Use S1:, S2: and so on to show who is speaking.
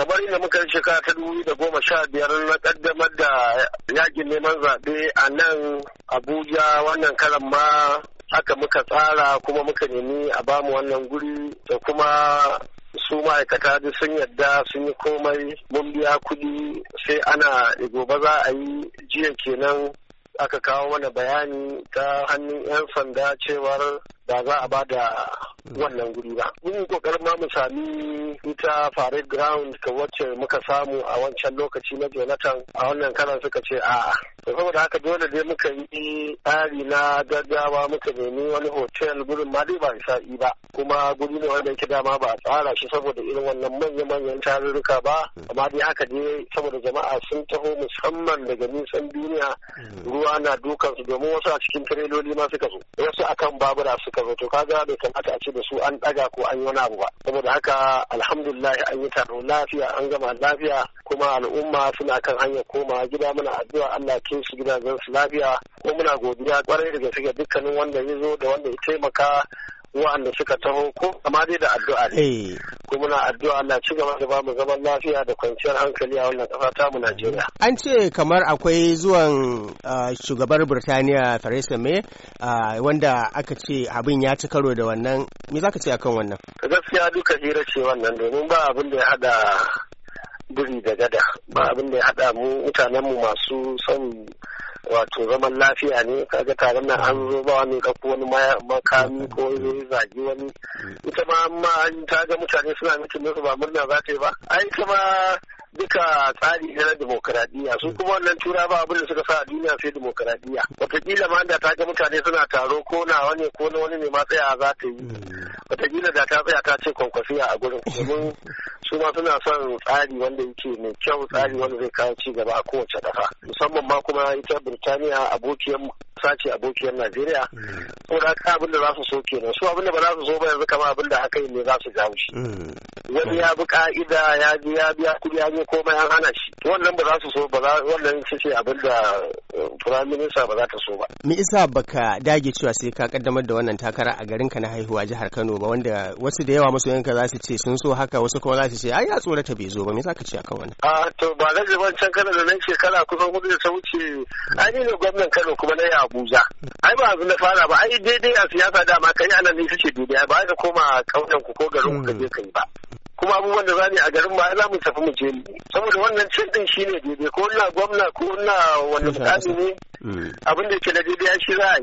S1: kamar yadda muka yi shekara ta dubu da goma sha biyar na kaddamar da yakin neman zaɓe a nan abuja wannan karan ma haka muka tsara kuma muka nemi a bamu wannan guri da kuma su ma'aikata duk sun yadda sun yi komai mun biya kuɗi sai ana gobe za a yi jiya kenan aka kawo mana bayani ta hannun 'yan sanda cewar da za a bada wannan guri ba. Mun kokarin ma mu sami ita Farid ground ka wacce muka samu a wancan lokaci na Jonathan a wannan karan suka ce a Da saboda haka dole dai muka yi tsari na gaggawa muka nemi wani hotel gurin ma dai ba sa'i ba. Kuma guri ne wanda yake dama ba a tsara shi saboda irin wannan manya-manyan tarurruka ba. Amma dai haka dai saboda jama'a sun taho musamman daga nisan duniya hmm. ruwa na dukansu domin wasu a cikin tireloli ma suka zo. Wasu akan babura suka suka to kaga bai kamata a ce da su an daga ko an yi wani abu ba saboda haka alhamdulillah an yi taro lafiya an gama lafiya kuma al'umma suna kan hanyar koma gida muna addu'a Allah ke su gidajen su lafiya ko muna godiya kwarai da gaske dukkanin wanda ya zo da wanda ya taimaka wa'anda suka taho ko kama dai da addu'a ne eh. kuma na addu'a Allah ci gaba da bamu zaman lafiya da kwanciyar hankali a wannan kasa ta mu Najeriya an ce kamar akwai zuwan shugabar Birtaniya Theresa May wanda aka ce abin ya ci karo da wannan me zaka ce akan wannan gaskiya duka hira ce wannan domin ba abin da ya hada biri da gada ba abin da ya hada mu mutanen mu masu son wato zaman lafiya ne kaga taron nan an zo ba wani ka wani makami ko zai zagi wani ita ma an ta ga mutane suna mutum musu ba murna za ta yi ba ai ita ma duka tsari na demokaradiyya su kuma wannan tura ba abin da suka sa a duniya sai demokaradiyya wataƙila ma da ta ga mutane suna taro ko na wani ko na wani ne ma tsaya za ta yi mm. wataƙila da ta tsaya ta ce kwankwasiya a gurin domin su ma suna son tsari wanda yake mai kyau tsari wanda zai kawo ci gaba a kowace ƙasa musamman ma kuma ita Birtaniya abokiyar sace abokiyar Najeriya ko da abin da za su so kenan su abin da ba za su so ba yanzu kama abin da yin yi ne za su jawo shi mm. wani ya bi ka'ida ya biya kuɗi ya komai an hana shi wannan ba za su so ba wannan shi ce abin da firayim minista ba za ta so ba. Me isa baka dage cewa sai ka kaddamar da wannan takara a garinka na haihuwa jihar Kano ba wanda wasu da yawa masoyanka za su ce sun so haka wasu kuma za su ce ai ya tsorata bai zo ba me za ka ce akan wannan. A to ba zan wancan Kano da nan shekara kusan hudu da ta wuce ai ne gwamnan Kano kuma na yi Abuja. Ai ba abu fara ba ai daidai a siyasa dama kai anan ne suke duniya ba ka koma kauyen ku ko garin ku ka je kai ba. kuma abubuwan da za a garin ba za mu tafi mu je saboda wannan cin din shine daidai ko na gwamna ko na wani mukami ne mm. abin da yake na daidai shi za a yi